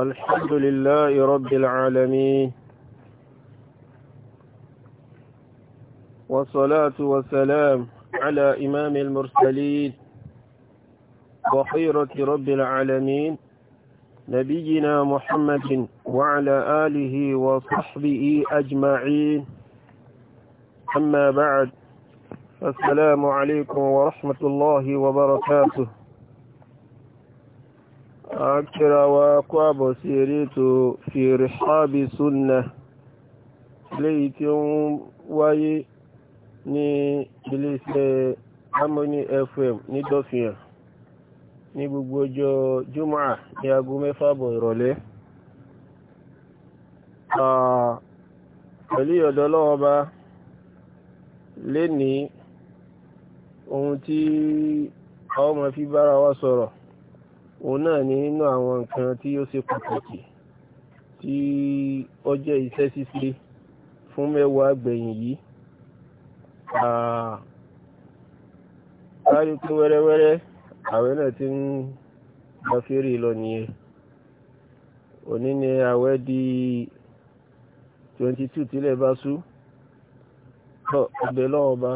الحمد لله رب العالمين والصلاة والسلام على إمام المرسلين وخيرة رب العالمين نبينا محمد وعلى آله وصحبه أجمعين أما بعد السلام عليكم ورحمة الله وبركاته أكثر وأقوى بصيرت في رحاب سنة léyìí tí ó ń wáyé ní iléeṣẹ́ harmony fm ní dọ́fìyàn ní gbogbo ọjọ́ jùmọ́à ní aago mẹ́fà bọ̀ ìrọ̀lẹ́ pẹ̀lú ọ̀dọ́ lọ́wọ́ bá ohun tí ọmọ fi bára wa sọ̀rọ̀ òun náà ni nínú àwọn nǹkan tí ó ṣe pàtàkì tí ó jẹ́ iṣẹ́ ṣíṣe fún mẹ́wàá gbẹ̀yìn yìí kárí pé wẹ́rẹ́wẹ́rẹ́ àwẹ̀ náà ti ń lọ fèrè lọ nìyẹn òní ni àwẹ̀ di 22 tílẹ̀ bá sú tọ́ ọbẹ̀ lọ́wọ́ bá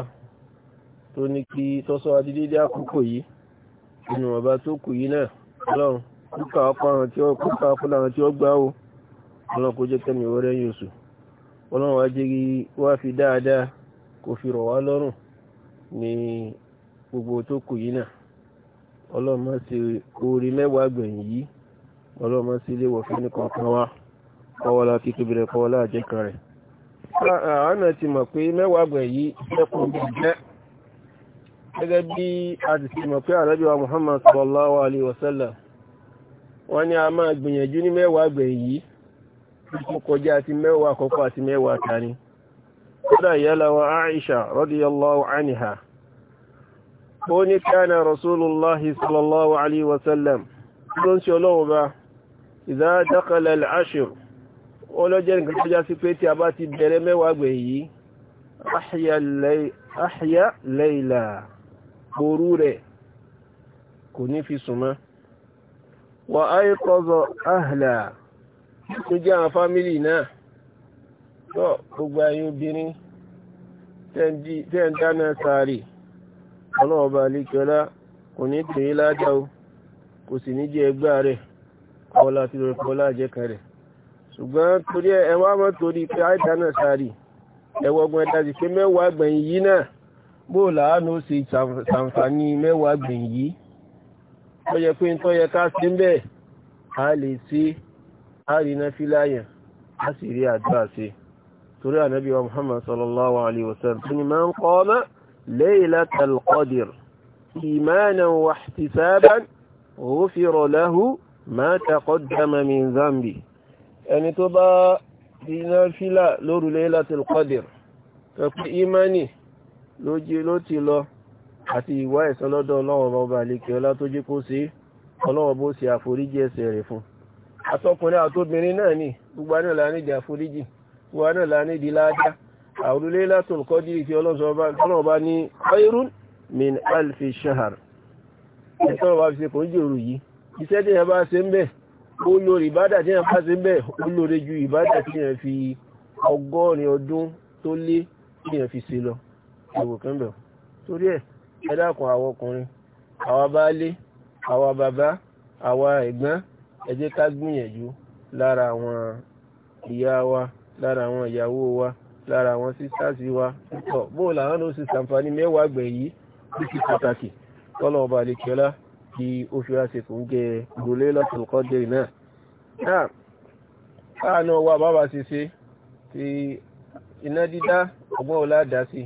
tó ní kí tọ́sọ́ adídédé àkókò yìí nínú ọba tó kù yìí náà ọlọ́run kúkà ọkùnrin tí ó kúkà ọkùnrin tí ó gbá o ọlọ́run kó jẹ́ kẹ́mi ìwọ́rẹ́ yìí oṣù ọlọ́run wá jẹ́ wá fi dáadáa kò fi rọ̀ wá lọ́rùn ní gbogbo tó kù yìí náà ọlọ́run má ṣe orí mẹ́wàá gbẹ̀yìn yìí ọlọ́run má ṣe ilé wọ̀fẹ́ ní kankan wá kọ́wọ́lá kíkébìrẹ̀ kọ́wọ́lá àjẹkàn rẹ̀ àwọn náà ti mọ̀ pé mẹ́wàá gbẹ̀yìn ẹkùn bíi jẹ́ gẹ́gẹ́ bí a ti sì mọ̀ pé ànábì wa Muhammad sallallahu alaihi wasallam wọ́n ní a máa gbìyànjú ní mẹ́wàá gbẹ̀yìn yìí tó kọjá àti mẹ́wàá àkọ́kọ́ àti mẹ́wàá tani kódà yálà wa Aisha radiyallahu anha ó ní kánà rasulullahi sallallahu alaihi wasallam tó ń ṣe ọlọ́wọ́ bá idha dakhala al ọlọ́jẹ́ ahya layla òru rẹ̀ kò ní fi sùn mọ́ wà áyé kọ́zọ̀ áhìlà tó jẹ́ àwọn fámílì náà tó gbogbo ayé obìnrin tẹ́ ń dáná sáré ọlọ́ọ̀bà alékẹ́lá kò ní tèyí lájáwó kò sì ní jẹ́ ẹgbà rẹ̀ kọlá tí tori kọlá jẹ́kà rẹ̀ ṣùgbọ́n torí ẹwà mọ́ torí pé àìdáná sáré ẹwọ́gbọ́n ẹ̀dájì bó làánú sí ṣàǹfààní mẹ́wàá gbìn yìí tó yẹ pé tó yẹ ká sí bẹ́ẹ̀ a lè sí àrínà fíláyà a sì rí àdúrà sí torí ànábì wa muhammad sallallahu alaihi wasallam tó ni máa ń kọ́ ọmọ laylatal qadr imanan wa ihtisaban ghufira lahu ma taqaddama min dhanbi ẹni tó bá dínà fílà lóru laylatal qadr tó pé imani lójú ló ti lọ àti ìwá ẹ̀san lọ́dọ̀ ọlọ́run ọba àlekè ọlá tó jẹ́ kó ṣe ọlọ́run bó ṣe àforíjì ẹ̀ṣẹ̀ rẹ̀ fún àtọkùnrin àtobìnrin náà ni gbogbo náà la nídìí àforíjì gbogbo náà la nídìí láàjá àwòrúlé látòun kọ́ dí ìfi ọlọ́run ọba ní khairun min alfi shahar ẹ̀san ọba fi ṣe kò ń jòrò yìí iṣẹ́ tí yẹn bá ṣe ń bẹ̀ ó lórí ìbádà tí yẹn bá ṣe ń bẹ̀ ó lórí ju ìbádà tí yẹn fi ọgọ́rin ọdún tó lé tí yẹn fi ṣe lọ ìwò kẹ́ńbẹ̀ torí ẹ̀ ẹ dákun àwọn ọkùnrin àwa baálé àwa bàbá àwa ẹ̀gbọ́n ẹ jẹ́ ká gbìyànjú lára àwọn ìyá wa lára àwọn ìyàwó wa lára àwọn sísáàsì wa púpọ̀ bóò làwọn ló sì sàǹfààní mẹ́wàá gbẹ̀ yìí bí ti pàtàkì tọ́lọ̀ ọba àlekíọ́lá kí ó fi àṣekù ń jẹ ìrọ̀lẹ́ lọ́tọ̀ọ̀kọ́ dé náà. náà káà náà wà bàbá ṣe ṣe ti iná dídá ọgbọ́n ọ̀la dá sí i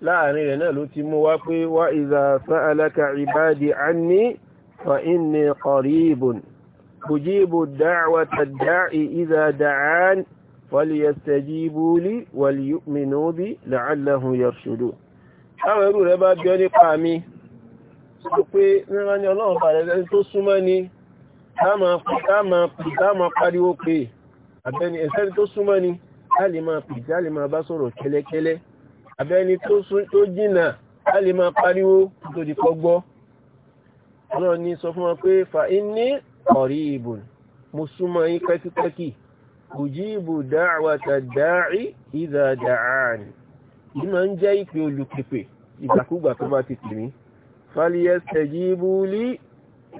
láàrin rẹ̀ náà ló ti mú wá pé wá ìzà sa'alaka ìbádi anni fa inni qaribun ujibu da'wata da'i idha da'an falyastajibu li walyu'minu bi la'allahum yarshudun táwọn ẹrú rẹ̀ bá bi ọ́ àbẹ́ni tó jìnà a lè máa pariwo tó di kọgbọ́ ọlọ́ ni sọ fún wọn pé fa inni qaribun mo súnmọ́ yí kẹ́kíkẹ́kí ujibu da'wata da'i idha da'ani yí máa ń jẹ́ ìpè olùpèpè ìgbàkúgbà tó bá ti pè mí falyastajibu li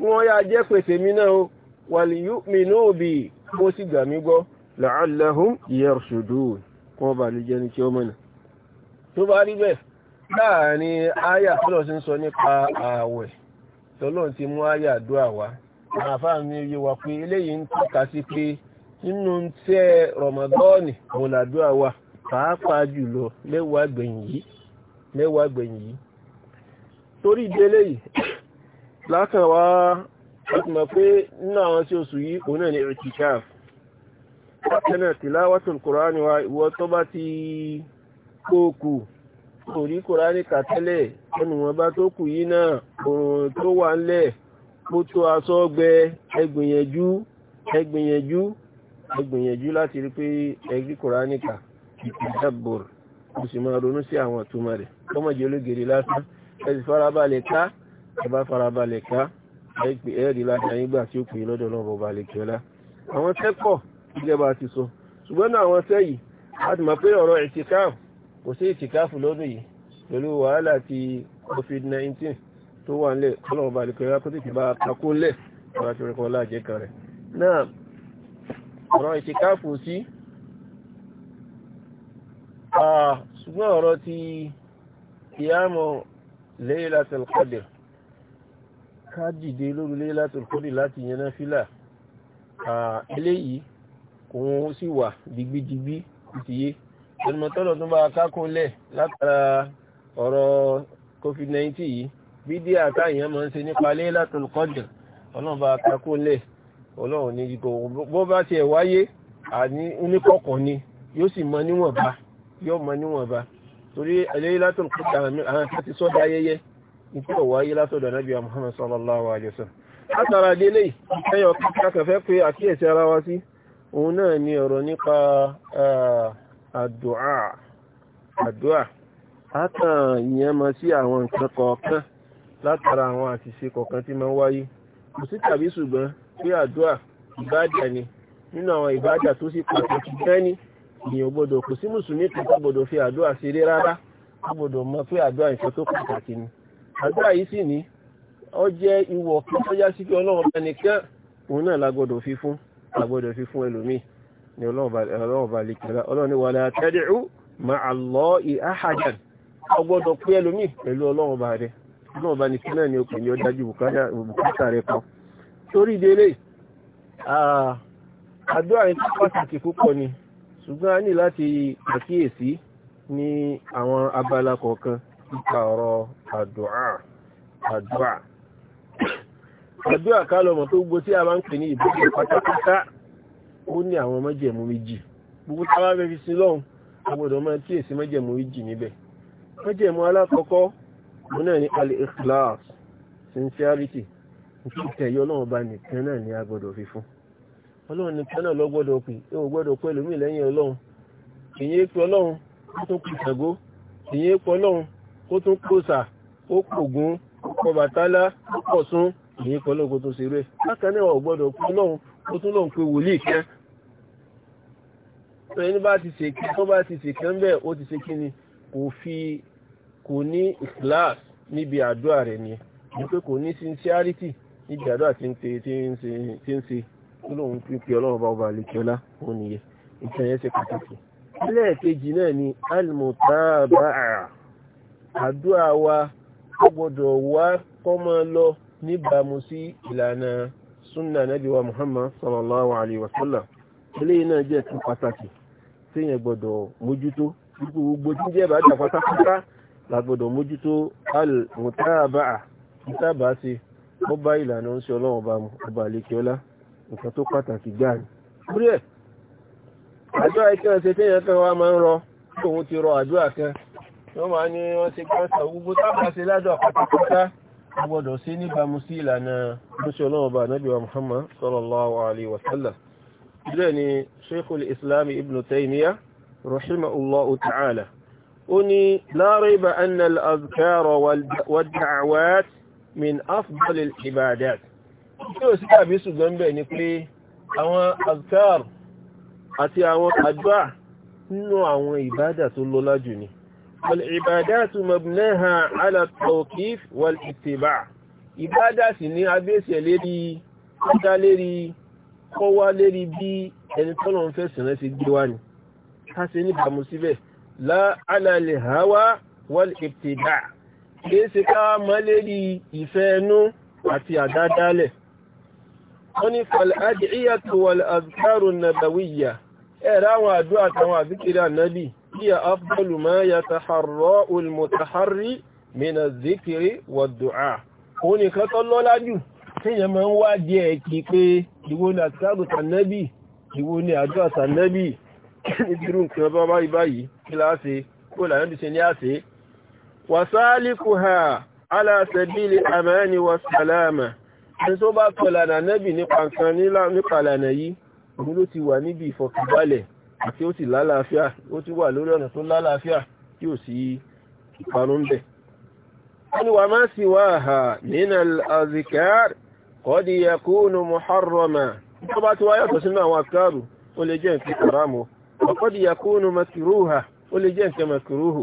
wọ́n yá jẹ́ pèsè mi náà wal yu'minu bi kó sì gbà mí gbọ́ la'allahum yarshudun kọ́ bá lè jẹ́ ní tí tó bá rí bẹ́ẹ̀ láàrin àyà tọ́lọ̀ sí ń sọ nípa ààwẹ̀ tọ́lọ̀ ti mú àyà àdúrà wá àfáà mi yé wa pé eléyìí ń tọ́ka sí pé nínú tẹ́ rọmọdọ́ọ̀nì òun làdúrà wa pàápàá jùlọ mẹ́wàá gbẹ̀yìn yìí mẹ́wàá gbẹ̀yìn yìí torí ìdélé yìí lákàn wá ọtùmọ̀ pé nínú àwọn tí oṣù yìí òun náà ní ìrìkìkáàf bákan náà tìláwàtò kùránì wa ìwọ tó bá ti kòkù orí kòránì kàtẹ́lẹ̀ ẹnu wọn bá tó kù yìí náà òrùn tó wà ńlẹ̀ kó tó aṣọ ọgbẹ ẹgbìyànjú ẹgbìyànjú ẹgbìyànjú láti rí pé ẹgbí kòránì kà ìdábòrò kò sì máa ronú sí àwọn ìtumọ̀ rẹ̀ kọ́mọ̀jẹ́ ológèrè lásán ẹ̀sì farabalẹ̀ ká ẹ̀bá farabalẹ̀ ká ẹ̀pẹ̀ ẹ̀rí lásán nígbà tí ó pè lọ́dọ̀ lọ́wọ́ balẹ̀ kíọ́lá àwọn tẹ́kọ̀ ìjẹba ti sọ ṣùgbọ́n àwọn tẹ́yì láti mọ̀ pé ọ̀rọ̀ ẹ̀tìkáàmù kò sí ìtìkáàfù lọ́dún yìí pẹ̀lú wàhálà ti covid-19 tó wà nílẹ̀ ọlọ́run bá lùkọ́ ìrákó tìtì bá takó lẹ̀ ọ̀rọ̀ tí oríkọ́ láàjẹ́ kan rẹ̀ náà ọ̀rọ̀ ìtìkáàfù sí ṣùgbọ́n ọ̀rọ̀ ti kìyàmọ̀ Laylatul Qadr ká dìde lóru Laylatul Qadr láti yẹn náfílà eléyìí kò sí wà digbidigbi ìtìyé ẹnumọ̀tọ́lọ̀ tó bá kákúnlẹ̀ látara ọ̀rọ̀ covid-19 yìí bídí àtàyàn máa ń ṣe nípa Laylatul Qadr ọlọ́run bá kákúnlẹ̀ ọlọ́run ní ìgò bó bá tiẹ̀ wáyé àní oníkọ̀kọ̀ ni yóò sì mọ níwọ̀nba yóò mọ níwọ̀nba torí Laylatul Qadr àwọn kan ti sọ́dọ̀ ayẹyẹ nítorí ọ̀wọ́ ayé látọ̀dọ̀ anábì Muhammad sallallahu alayhi wa sallam látara délé ẹ̀yọ̀ kàkàfẹ́ pé àkíyèsí ara wa sí òun náà ni ọ̀rọ̀ nípa àdúà àdúà átàn ìyẹn mọ sí àwọn nǹkan kọ̀ọ̀kan látara àwọn àṣìṣe kọ̀ọ̀kan tí máa ń wáyé kò sí tàbí ṣùgbọ́n pé àdúà ìbádà ni nínú àwọn ìbádà tó sì pàtàkì gan ni ìyẹn ò gbọdọ̀ kò sí mùsùlùmí kan tó gbọdọ̀ fi àdúà ṣeré rárá tó gbọdọ̀ mọ pé àdúà nǹkan tó pàtàkì ni àdúà yìí sì ní ó jẹ́ ìwọ̀ kan tó yá sí pé ọlọ́run bá nìkan òun náà la gbọdọ̀ fi fún la fi fún ẹlòmíì ni ọlọ́run bá lè kẹ́lá ọlọ́run ni wàlá tad'u ma'a Allahi ahadan ọgbọ́dọ̀ pé ẹlòmíì pẹ̀lú ọlọ́run bá rẹ̀ ọlọ́run bá ní kí náà ni ó pèyàn dájú bùkátà rẹ̀ kan torí délé àdúrà yìí pàtàkì púpọ̀ ni ṣùgbọ́n a ní láti àkíyèsí ní àwọn abala kọ̀ọ̀kan nípa kálọ̀mọ̀ tó gbogbo tí a máa ń pè ní ìbúkẹ́ pátápátá ó ní àwọn májẹ̀mú méjì gbogbo tá a bá fẹ́ fi sin lọ́hùn a gbọ́dọ̀ máa kíyèsí májẹ̀mú méjì níbẹ̀ májẹ̀mú alákọ̀ọ́kọ́ òun náà ní al-ikhlas sincerity nítorí tẹ̀yẹ ọlọ́run ọba nìkan náà ni a gbọ́dọ̀ fi fún ọlọ́run nìkan náà lọ gbọ́dọ̀ pè é ò gbọ́dọ̀ pẹ́ lómi lẹ́yìn ọlọ́run kìyìn pé ọlọ́run ó tún kù Ṣàngó kìyìn pé ọlọ́run ó tún kù Òòṣà ó pògún ó pọ̀ Bàtálá ó pọ̀ sún kìyìn pé ọlọ́run kó tún ṣeré bákan náà ò gbọ́dọ̀ ó tún lòun pé wòlíì kan tó ẹni bá ti ṣèké tó bá ti ṣèké ń bẹ̀ ó ti ṣe kí ni kò fi kò ní ikhlas níbi àdúrà rẹ̀ ni ni pé kò ní sincerity níbi àdúrà tí ń ṣe tó lòun fi pe ọlọ́run bá ọba àlekíọ́lá ó nìyẹn ìtàn yẹn ṣe pàtàkì lẹ́ẹ̀kejì náà ni almutaba'a àdúrà wa ó gbọ́dọ̀ wá kọ́ lọ níbàámu sí ìlànà súnà nàbí wa muhammad sallallahu alayhi wa sallam eléyìí náà jẹ́ ẹ̀sìn pàtàkì téèyàn gbọ́dọ̀ mójútó gbogbo tí jẹ́ ìbàdàn pátápátá la gbọ́dọ̀ mójútó al-mutaba'a mutaba sí ó bá ìlànà ń ṣe ọlọ́run ọba ọba àlekíọ́lá nǹkan tó pàtàkì gbáà ni. orí ẹ̀ àdúrà ikẹ́ ọ̀sẹ̀ a gbọ́dọ̀ sí níbàmú sí ìlànà lóṣù ọlọ́ọ̀bà nábíwá muhammad sallallahu alaihi wasallam ìdúrẹ́ ni sheikhul islam ibn taymiya rahimahullahu ta'ala ó ní la rayba anna al-azkara wad-da'awat min afdal al-ibadat tí ó sí tàbí ṣùgbọ́n bẹ̀ ni pé àwọn azkar àti àwọn àdúrà nínú àwọn ìbádà tó lọ́lá jù ni والعبادات مبناها على التوقيف والاتباع ìbádà sì ní abẹ́sẹ̀ lérí ọdá lérí kọwá lérí bí ẹni tọ́lọ̀ ń fẹ́sìn rẹ̀ sí gbé wá ní ká ṣe ní bàmù síbẹ̀ láàlàlẹ̀ hawa wal ibtida kìí ṣe wọ́n ní هي أفضل ما يتحرى المتحري من الذكر والدعاء ó ní kan tó lọ́lá jù téèyàn máa ń wá díẹ̀ kí pé ìwo ni àtìkáàdù tànẹ́bì ìwo ni àjọ àtànẹ́bì nítorí nǹkan bá bá báyìí kí láàṣe kó làyọ́dù ṣe ní àṣe wàsáàlìkù ha aláṣẹ́bílì àmẹ́ni wàsàlámà ẹni tó bá tọ̀lànà nípa nǹkan nípa lànà yìí òun ló ti wà níbi ìfọ̀kànbalẹ̀ àti ó sì lálàáfíà ó tún wà lórí ọ̀nà tó lálàáfíà tí ò sí ìparun ń bẹ̀. wọ́n ni wà máa sì wá àhà nínú azikar kọ́dí yakúnù muharrama tó bá ti wá yàtọ̀ sínú àwọn akáàrù ó lè jẹ́ nǹkan karamu kọ́dí yakúnù makiruha ó lè jẹ́ nǹkan makiruhu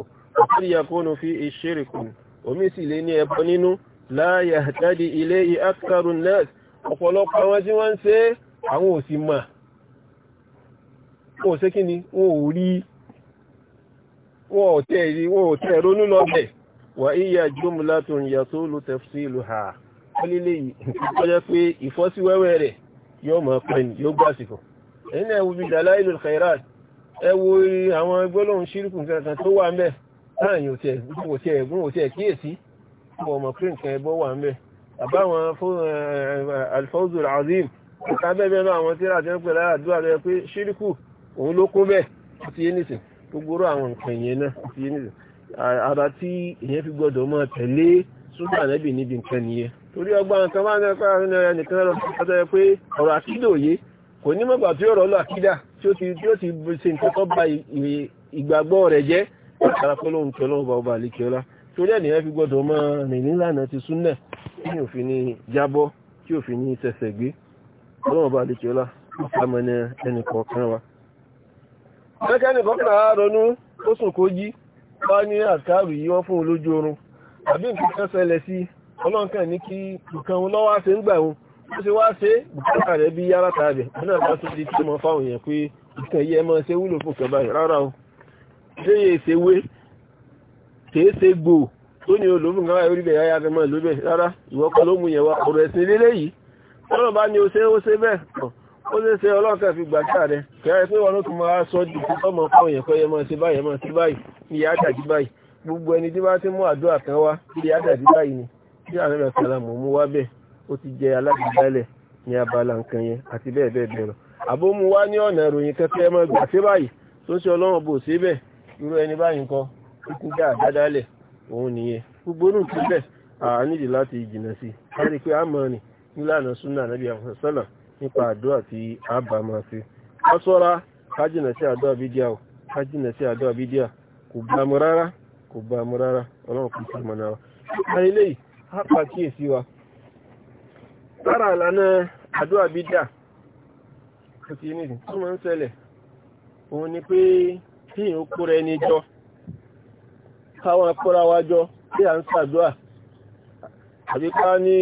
kọ́dí yakúnù fi ìṣirikun omi sì lè ní ẹbọ nínú láyà tàdí ilé ìakàrù nẹ́ẹ̀sì ọ̀pọ̀lọpọ̀ àwọn tí wọ́n ń ṣe àwọn òsì máa wọn ò ṣe kí ni wọn ò rí wọn ò tẹ̀ rí wọn ò tẹ̀ ronú lọ́bẹ̀ wà íyà jùmùlá tó ń yà tó ló tẹ̀sí ìlú ha ọlílé yìí tó jẹ́ pé ìfọ́síwẹ́wẹ́ rẹ̀ yóò mọ̀ pẹ́ ni yóò gbà síkọ̀ ẹ̀yìn náà bí dàlá ìlú khairat ẹ wo àwọn gbólóhùn ṣírùkù kankan tó wà mẹ́ láàyè òtẹ̀ gbọ́n òtẹ̀ gbọ́n òtẹ̀ kíyèsí wọn ọmọ kí nǹkan ẹbọ wà mẹ́ àbáwọn alfawzul azim ọ̀tá bẹ́ẹ̀ bẹ́ẹ̀ náà àwọn tíra jẹ́ pẹ̀lú àdúrà rẹ̀ pé ṣírùkù òun ló kún bẹ́ẹ̀ ó ti yé nìsín gbogbo orú àwọn nǹkan ìyẹn náà ó ti yé nìsín ara tí ìyẹn fi gbọdọ̀ mọ́ tẹ̀lé súnmọ́ ànábì níbi nǹkan nìyẹn torí ọgbà nǹkan máa ń nípa ẹnìkan lọ sọ pé ọ̀rọ̀ àkídà òye kò ní mọ̀gbà tí ọ̀rọ̀ lọ àkídà tí ó ti ṣe nǹkan tó ba ìgbàgbọ́ rẹ̀ jẹ́ látara pé lóhun kí ọlọ́run bá ọba àlekè ọlá torí ẹnìyẹn fi gbọdọ̀ mọ́ rìn nílànà ti súnà tí òfin ní jábọ́ tí òfin ní sẹ̀sẹ̀ gbé ọlọ́run ọba àlekè ọlá ó sàmọ́ ẹnì kọ̀ọ̀kan wa mẹ́kẹ́nì kọ́kàn á ronú ó sùn kó jí wá ní àkàrù yìí wọ́n fún un lójú oorun àbí nǹkan kan ṣẹlẹ̀ sí ọlọ́run kan ní kí nǹkan wọn lọ́wọ́ ṣe ń gbà wọn ó ṣe wá ṣe bùkátà rẹ̀ bí yára ta rẹ̀ wọn náà bá tún di tí mo fáwọn èèyàn pé nǹkan yìí ẹ máa ṣe wúlò fún kan báyìí rárá o ṣé yẹ ṣe wé kèé ṣe gbò tó ní olóògùn kan wáyé oríbẹ̀ yáyá fẹ́ mọ́ ìlú bẹ̀ rárá ìwọ́kọ̀ o ṣe ó ó lè ṣe ọlọ́ọ̀kẹ́ fi gbàjá rẹ̀ kẹ́rẹ́ pé wọn ló tún máa sọ jù ọmọ fáwọn èèyàn kọ́yẹ mọ́ sí báyìí mọ́ sí báyìí ní báyìí gbogbo ẹni tí bá ti mú àdúrà kan wá báyìí ni tí àwọn ẹ̀rọ sàlà mọ̀ mú wá bẹ́ẹ̀ ó ti jẹ abala nǹkan yẹn àti bẹ́ẹ̀ bẹ́ẹ̀ bẹ́ẹ̀ lọ àbó mu wá ní ọ̀nà ìròyìn sí báyìí ni nípa àdúrà tí a bá máa ṣe ká sọ́ra ká sí àdúrà bídíà o ká jìnà sí àdúrà bídíà kò bá mu rárá kò bá mu rárá ọlọ́run kò sí mọ̀nà wa ká ilé yìí á pàkíyèsí wa lára ìlànà àdúrà bídíà kò sí ní ìsìn tó máa ń ṣẹlẹ̀ òun ni pé kí ìhun kóra ẹni jọ káwọn kóra wa jọ à ń ṣàdúrà àbí ká ní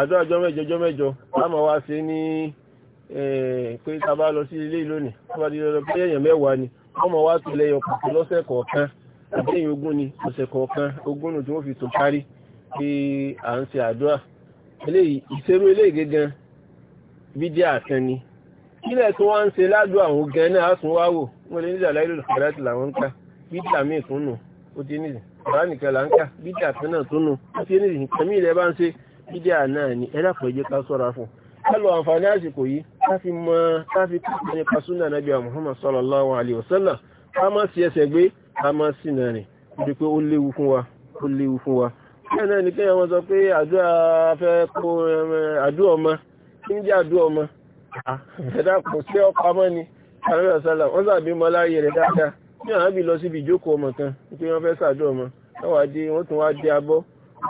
àjọ àjọ mẹ́jọ mẹ́jọ láàmà wá sí ní pé tá lọ sí ilé ìlónìí tó bá pé èèyàn mẹ́wàá ni wọ́n mọ̀ wá tilẹ̀ yọ pàtó lọ́sẹ̀ kọ̀ọ̀kan àbí èèyàn ogún ni ọ̀sẹ̀ kọ̀ọ̀kan ogún nù tí wọ́n fi tún kárí pé à ń ṣe àdúrà eléyìí ìṣerú eléyìí gẹ́gẹ́ bídíà kan ni kílẹ̀ tó wá ń ṣe ládùn àwọn gan náà á tún wá wò wọ́n lè ní ìdàláìlú ìfẹ́ láti làwọn ń ká bídíà míì tún nù ó ti níyìí kùránì kan là ń kà bídíà kan náà tó nù ó ti ní ìkànnì ilẹ̀ bá ń ṣe bídíà náà ni ẹ̀dá pẹ̀lú ká sọ́ra fún kálọ̀ àǹfààní àsìkò yìí káfí mọ́ káfí kúrò nípa súnà nàbí Muhammad sallallahu a máa sí ẹsẹ̀ gbé a máa sí náà rìn ibi pé ó léwu fún wa ó léwu fún wa bẹ́ẹ̀ náà ni pé àwọn sọ pé àdúrà fẹ́ kó àdúrà ọmọ kí ẹ̀dá kò sí ọkọ̀ ọmọ ni àrẹ́rẹ́ sálà wọ́n sàbí mọ́ rẹ̀ dáadáa ní àábì lọ síbi ìjókòó ọmọ kan pé wọ́n fẹ́ sàdọ̀ ọmọ táwà dé wọ́n tún wá dé abọ́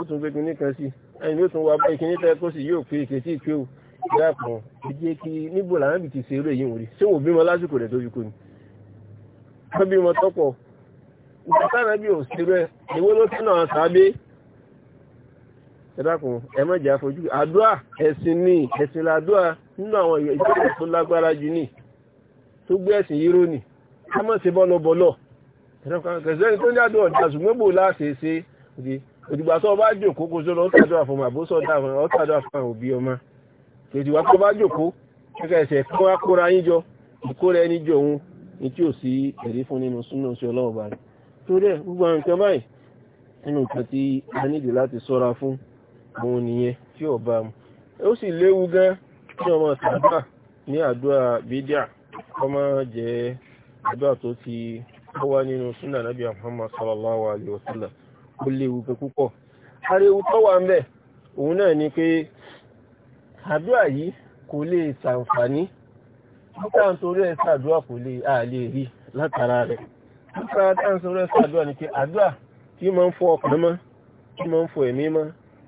ó tún gbé kinní kan sí ẹni ó tún wá bá ìkíní tẹ́ kó sì yóò pé ìkẹtí ìpé ò dápọ̀ ìjẹ́ kí níbo làwọn bìtì ṣe eré yìí wòrí ṣé wò bímọ lásìkò rẹ̀ tó fi kú ni wọ́n bímọ tọ́pọ̀ ìgbàtàrà bí ò sí rẹ̀ ìwé ló tẹ́nà àtàbí ẹ̀dàkùn ẹmọ́jà fojú àdúà ẹ̀sìn ní ẹ̀sìn làdúà nínú àwọn ìjọ́ tó lágbára jù ní tó gbé ẹ̀sìn yíró ni ká mọ̀ sí bọ́lọ̀bọ́lọ̀ kẹsẹ́ni tó ní àdó ọ̀dà ṣùgbọ́n bò láṣẹ ṣe òdìgbà tó o jòkó kó sọ́lọ́ ọ̀tàdó o àbóṣọ́ ọ̀tàdó àfọmọ òbí ọmọ kèjìwá tó bá jòkó kẹkẹ ẹsẹ̀ fún akóra yín jọ ìkóra ẹni jọ òun ní tí ò sí ẹ̀rí fún nínú súnà sí ọlọ́run bá rẹ̀ torí ẹ̀ gbogbo àwọn nǹkan báyìí nínú nǹkan tí a nídìí láti sọ́ra fún òun nìyẹn tí ò bá mu ó sì léwu gan kí ọmọ sàbà ní àdúrà bidia ọmọ jẹ́ àdúrà tó ti wá nínú súnà nàbí Muhammad sallallahu alaihi wasallam ó léwu pé púpọ̀ ariwo tó wà ń bẹ̀ òun náà ni pé àdúrà yìí kò lè ṣàǹfààní nígbà nítorí ẹ̀ ṣàdúrà kò lè àlè rí látara rẹ̀ nígbà táǹsorí ẹ̀ ṣàdúrà ni pé àdúrà tí máa ń fọ ọkàn mọ́ tí máa ń fọ ẹ̀mí mọ́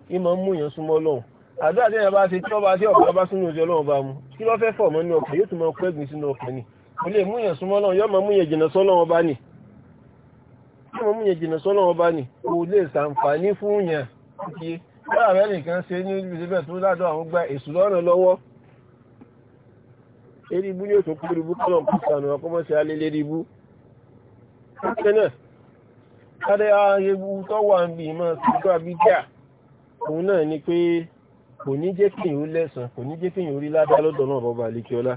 tí máa ń mú èèyàn súnmọ́ Ọlọ́run àdúrà tí bá ti tí ọba tí ọ̀pá bá sínú ojú Ọlọ́run bá mu kí ló fẹ́ fọ̀ mọ́ ní ọkàn yóò tún máa kọ́ sínú ọkàn ni kò lè múyàn súnmọ́ náà yọ́ ma múyàn jìnà sọ́lọ́wọ́ bá nì yọ́ ma múyàn jìnà sọ́lọ́wọ́ bá nì kò lè sàǹfààní fún yàn kí lọ́wọ́ rẹ̀ nìkan ṣe ní ìbílẹ̀ tó ládọ́ àwọn gba èṣù lọ́rùn lọ́wọ́ eré ibú ní òtò kúrò ibú kọ́lọ̀ pàtàkì ọkọ́mọ́ sí alẹ́ lérí ibú kádẹ́ ayewu tó wà náà ni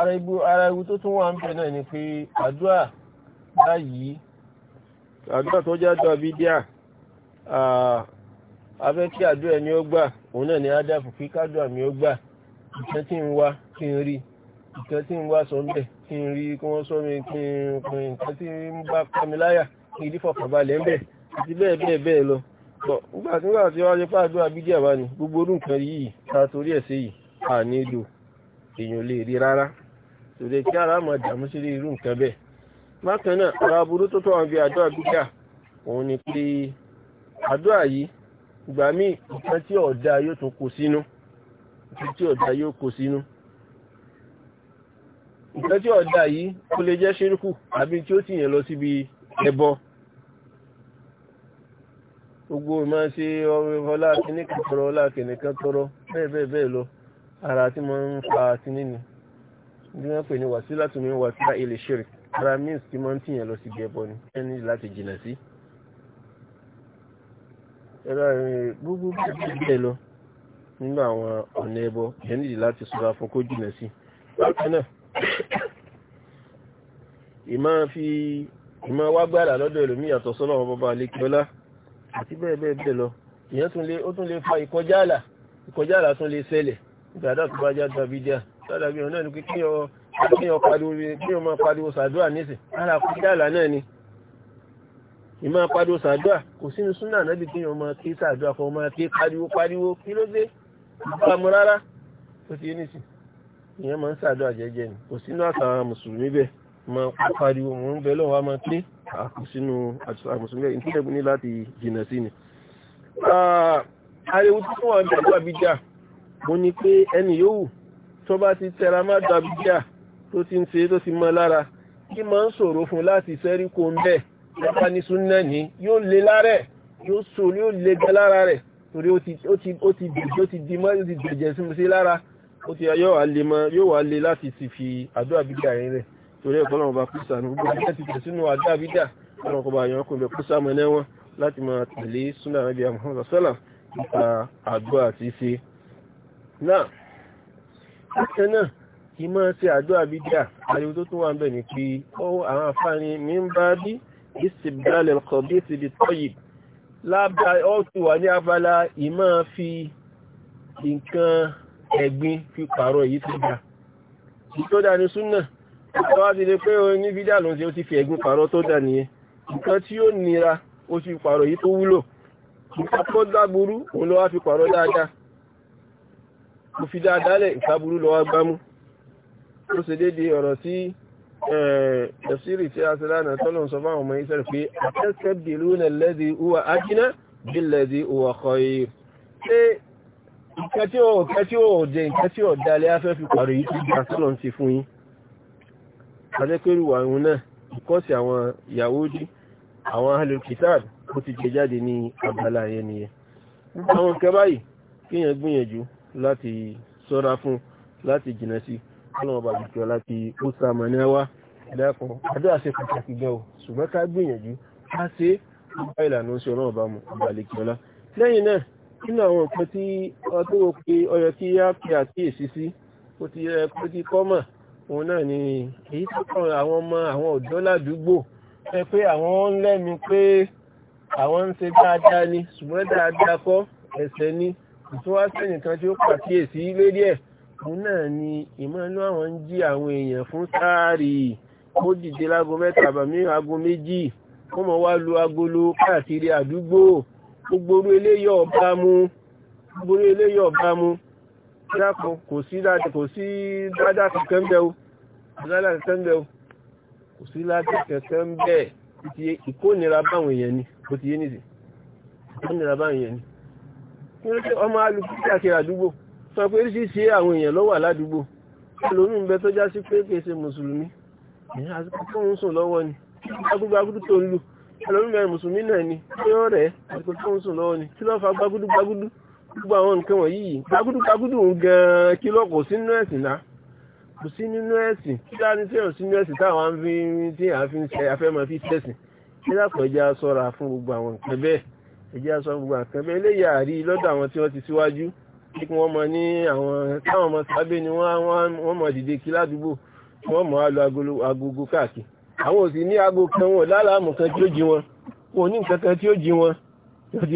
ara ewu tó tún wà ń bẹ̀ náà ni pé àdúrà báyìí àdúrà tó jẹ́ àdúrà bídíà afẹ́ kí àdúrà ẹni ó gbà òun náà ni ádàfù kí kádùrà mi ó gbà ìkan tí ń wá kí n rí ìkan tí ń wá sọ ńbẹ̀ kí n rí kí wọ́n sọ mi kí n pin nǹkan tí ń bá pami láyà kí ìdí fọkànbalẹ̀ ńbẹ̀ àti bẹ́ẹ̀ bẹ́ẹ̀ bẹ́ẹ̀ lọ nígbà tí wọ́n ti wá lé fáàdúrà bídíà bá ní gbogbo orú nǹkan yìí ta torí ẹ̀ sí yìí à nílò èèyàn lè rí rárá tòde kí ara mọ̀ dààmú sí irú nǹkan bẹ́ẹ̀ bákan náà ara burú tó tọ́ wọn bí òun ni pé Ado yìí ìgbà míì nǹkan tí ọ̀dà yóò tún kó sínú nǹkan tí ọ̀dà yóò kó sínú nǹkan tí ọ̀dà yìí lè jẹ́ àbí tí ó ti yẹn lọ síbi ẹbọ gbogbo ma ṣe ọlá kìnnìkan tọrọ ọlá kìnnìkan tọrọ bẹ́ẹ̀ bẹ́ẹ̀ lọ ara tí mo ń fa ní wọ́n pè ní wàsílà tó ní wàsílà ilẹ̀ ṣírí ara means tí máa ń tìyàn lọ sí ibi ẹbọ ni ẹ ní láti jìnà sí ẹ̀rọ ìrìn gbogbo bẹ́ẹ̀ lọ nínú àwọn ọ̀nà ẹbọ ẹ nídìí láti ṣọ́ra fún kó jìnà sí bákan náà ìmọ̀ fi ìmọ̀ wá gbára lọ́dọ̀ ẹlòmí yàtọ̀ sọ́lọ́ ọmọ bàbá alẹ́kẹ́ọ́lá àti bẹ́ẹ̀ bẹ́ẹ̀ bẹ́ẹ̀ lọ ìyẹn tún lè ó tún lè fa ìkọjáàlà ìkọjáàlà tún lè ṣẹlẹ̀ nígbà dàtúbájá dábídíà sádàbí ọ̀nà ní kíyàn pariwo kíyàn máa pariwo sàdúà nísì ara kúrò àlà náà ni ìmá pariwo sàdúà kò sínú súnà náàbì kíyàn máa kí sàdúà fún ọmọ kí pariwo pariwo kí ló dé ìbámu rárá ó ti nísì ìyẹn máa ń sàdúà jẹ́jẹ́ ni kò sínú àṣà mùsùlùmí bẹ́ẹ̀ máa pariwo mò ń bẹ lọ́wọ́ máa kí àkó sínú àṣà mùsùlùmí bẹ́ẹ̀ ariwo tí wọ́n ń bẹ̀rù mo ní pé ẹni yóò tó bá ti tẹra má dàbíjà tó ti ń ṣe tó ti mọ́ lára kí máa ń ṣòro fún láti sẹ́rí kó ń bẹ́ẹ̀ nípa ní súnná ní yóò lé lárẹ̀ yóò sòrò yóò lé gẹ lára rẹ̀ torí ó ti di mọ́ ó ti dẹ̀jẹ̀ sí lára ó ti yóò wà lè mọ́ yóò wà lè láti ti fi àdó àbídà yẹn rẹ̀ torí ẹ̀kọ́ lọ́wọ́ bá kúsà ní gbogbo ẹgbẹ́ ti tẹ̀sínú àdó àbídà lọ́wọ́ kọba àyàn kò bẹ̀ kúsà mọ́ lẹ́wọ́n láti máa tẹ̀lé súnà rẹ̀ bí i àmọ́ bákan náà kì í máa ṣe àjọ àbídíà ariwo tó tún wà ń bẹ̀ ní pé ọwọ́ àwọn afáàní mi ń bá bí ìsìbìdálẹ̀ ọkọ̀ bí ti di tọ́yì lábá ọ́tù wà ní abala ìmọ̀ fi nǹkan ẹ̀gbin fi pààrọ̀ èyí tó dá èyí tó dá ní súnà ìtọ́wá ti lè pé orin ní fídíà ló ń ṣe ó ti fi ẹ̀gbin pààrọ̀ tó dá nìyẹn nǹkan tí ó nira ó ti pààrọ̀ èyí tó wúlò nǹkan tó dáburú òun mo fi dáadáalẹ̀ ìfàbúrú lọ agbámú ó ṣe dédé ọ̀rọ̀ tí ẹ̀ẹ̀sìrì tí a ṣe lánàá tọ́lọ̀ sọ fáwọn ọmọ ìṣẹ́rẹ̀ pé àtẹ́sẹ̀ bèèrè lẹ́dí uwa ajíná bí lẹ́dí uwa kọ iye ṣe nǹkan tí ó kẹ́ tí ó jẹ nǹkan tí ó dalẹ̀ afẹ́ fi pàrọ̀ yìí tí a tọ́lọ̀ abala yẹn nìyẹn àwọn nǹkan láti sọ́ra fún láti jìnà sí ọlọ́ọ̀bà jùlọ láti ó sàmà ní ẹwà ẹ̀dẹ́kọ̀ àdúrà ṣe pàtàkì gan o ṣùgbọ́n ká gbìyànjú ká ṣe ọba ìlànà oṣù ọlọ́ọ̀bà mu ọbalẹ̀kìọ́lá lẹ́yìn náà nínú àwọn nǹkan tí ọtún wo pé ọyọ kí á pe àkíyèsí sí ó ti rẹ pé kí kọ́mà òun náà ni èyí ni tó wá sẹ́yìn kan tí ó pàkíyèsí lérí ẹ̀ òun náà ni ìmọ̀lú àwọn ń jí àwọn èèyàn fún sáàrì ó dìde lágo mẹ́ta àbàmí aago méjì kó mọ̀ wá lu agolo káàkiri àdúgbò gbogbo orú eléyọ̀ ọba mu gbogbo orú eléyọ̀ ọba mu dákun kò sí dáadáa kankan ń bẹ o dáadáa kankan ń bẹ o kò sí láti kankan ń bẹ ìkónira báwọn èèyàn ni kò ti yé nìsí ìkónira báwọn èèyàn ni kí ló dé ọmọ alùpùpù àkèrè àdúgbò sọ pé oríṣiríṣi àwọn èèyàn ló wà ládùúgbò lómi ń bẹ tó já sí pé kìí ṣe mùsùlùmí àsìkò tó ń sùn lọ́wọ́ ni gbágúdúgbágúdú tó ń lù lómi bẹ mùsùlùmí náà ni pé ó rẹ̀ àsìkò tó ń sùn lọ́wọ́ ni kí ló fa gbágúdúgbágúdú gbogbo àwọn nǹkan wọ̀nyí yìí gbágúdúgbágúdú gan-an kí ló kò sínú ẹ̀sìn náà kò sí nínú ẹ̀sìn kí dá ní sẹ́yìn sínú ẹ̀sìn táwọn ń fi tí à ń fi ń ṣe afẹ́mọ́ fi tẹ̀sìn kí lápẹ̀já sọ́ra fún gbogbo àwọn nǹkan bẹ́ẹ̀ ẹjẹ́ aṣọ gbogbo àkàn bẹ́ẹ̀ léyà àrí lọ́dọ̀ àwọn tí wọ́n ti síwájú kí wọ́n mọ ní àwọn táwọn ọmọ sábẹ́ ni wọ́n mọ dìde kí ládùúgbò wọ́n mọ alo agogo káàkiri àwọn òsì ní aago kan wọn lálàámù kan tí ó jí wọn wọn ní nǹkan kan tí ó jí wọn yóò di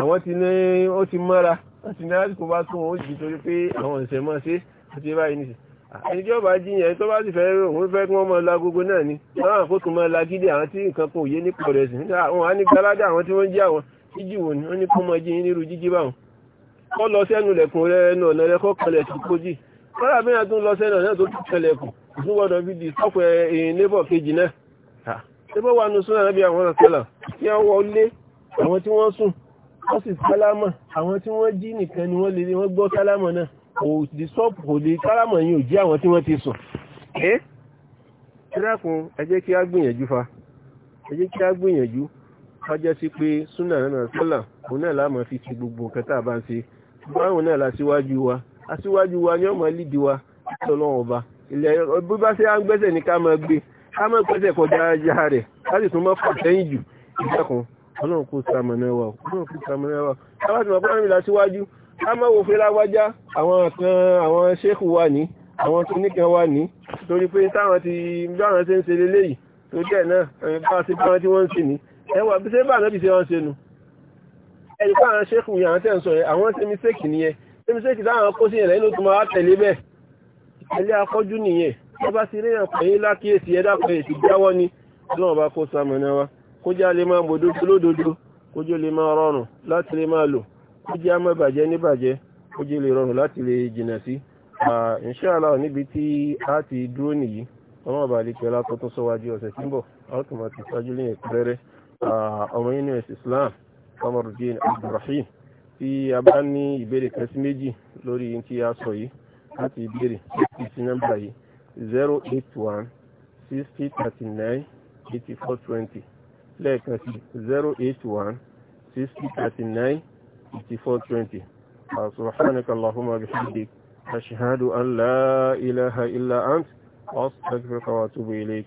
àwọn ti ní ó ti mọ́ra láti ní àsìkò bá tún wọn ó sì torí pé àwọn ìṣẹ̀ mọ́ sí àti báyìí nìsín ẹni tí ó bá jí yẹn tó bá sì fẹ́ òun fẹ́ kí wọ́n mọ lagogo náà ni láwọn àkókò mọ́ lagídé àwọn tí nǹkan kan òye nípò rẹ̀ sí àwọn á ní gbaládé àwọn tí wọ́n jí àwọn jíjì wò ní wọ́n ní kó mọ jí nírú jíjí báwọn kọ́ lọ sẹ́nu lẹ̀kùn rẹ ẹnu ọ̀nà rẹ kọ́ kanlẹ̀ tó kó jì kọ́lá bí wọ́n tún lọ sẹ́nu ọ̀nà tó tún kanlẹ̀kùn tún gbọ́dọ̀ fi di sọ́pọ̀ èyí lébọ̀ kejì náà lébọ̀ wà nù súnà lábí àwọn ọ̀sẹ̀là tí wọ́n wọlé àwọn tí wọ́n sùn wọ́n sì sálámà àwọn tí wọ́n jí nìkan ni wọ́n lè wọ́n gbọ́ sálámà náà kò di sọ́pù kò di sálámà yìí ò jí àwọn tí wọ́n ti sùn eh? ẹ́ dákun ẹ jẹ́ kí á gbìyànjú fa ẹ jẹ́ kí á gbìyànjú kájẹ́ sí pé súnà náà sọ́là òun náà láàmọ́ fi ti gbogbo nǹkan tá a bá ń ṣe báwọn náà lásíwájú wa aṣíwájú wa ni ọmọ lídìí wa sọlọ́wọ́n ọba ilẹ̀ bó bá ṣe à ń gbẹ́sẹ̀ ní ká máa gbé ká máa gbẹ́sẹ̀ kọjá ajá rẹ̀ láti tún máa fà sẹ́yìn jù ìjẹ́kùn ọlọ́run kò sàmọ̀nà wa ọlọ́run kò sàmọ̀nà wa káwá ti mọ̀ pé àmì lásíwájú ká máa wò fẹ́ lágbájá àwọn kan àwọn ṣéèkù wa ní àwọn kìnnìkan wa ní torí pé táwọn ti bí àwọn ṣe ń ṣe lélẹ́yìí tó dẹ̀ náà bá ṣe bá wọn tí wọ́n ń ṣe ní ẹwà bí sẹ́bà lẹ́bí tí wọ́n ṣe nù ẹni pa àwọn ṣékù yà ń tẹ́ǹsọ ẹ àwọn ṣe mistake nìyẹn ṣe mistake táwọn kó sí ẹ̀rẹ́ ló tún máa tẹ̀lé bẹ́ẹ̀ ilé akọ́jú nìyẹn wọ́n bá ti réyàn pẹ̀lú lákíyèsí ẹ̀dá pẹ̀lú ti jáwọ́ ni ọlọ́run bá kó sàmọ̀nà wa kó já lè máa mọ̀dó lódodo kó jó lè máa rọrùn láti lè máa lò kó já má bàjẹ́ ní bàjẹ́ kó jẹ́ lè rọrùn láti lè jìnà sí inṣáàlá níbi tí a ti dúró nìyí ọlọ́run bá lè pẹ̀lá tó tó sọ́wájú ọ̀sẹ̀ tí ń bọ̀ a ó tún máa ti sájú lẹ́yìn pẹ́rẹ́ ọmọ inú ẹ̀sìn Islam Kamarudin Abdulrahim tí a bá ní ìbéèrè kan sí méjì lórí tí a sọ yìí láti ìbéèrè sí sí nọ́mbà yìí 081 60 39 84 20 lẹ́ẹ̀kan sí 081 60 39 84 20 سبحانك اللهم وبحمدك أشهد أن لا إله إلا أنت أستغفرك وأتوب إليك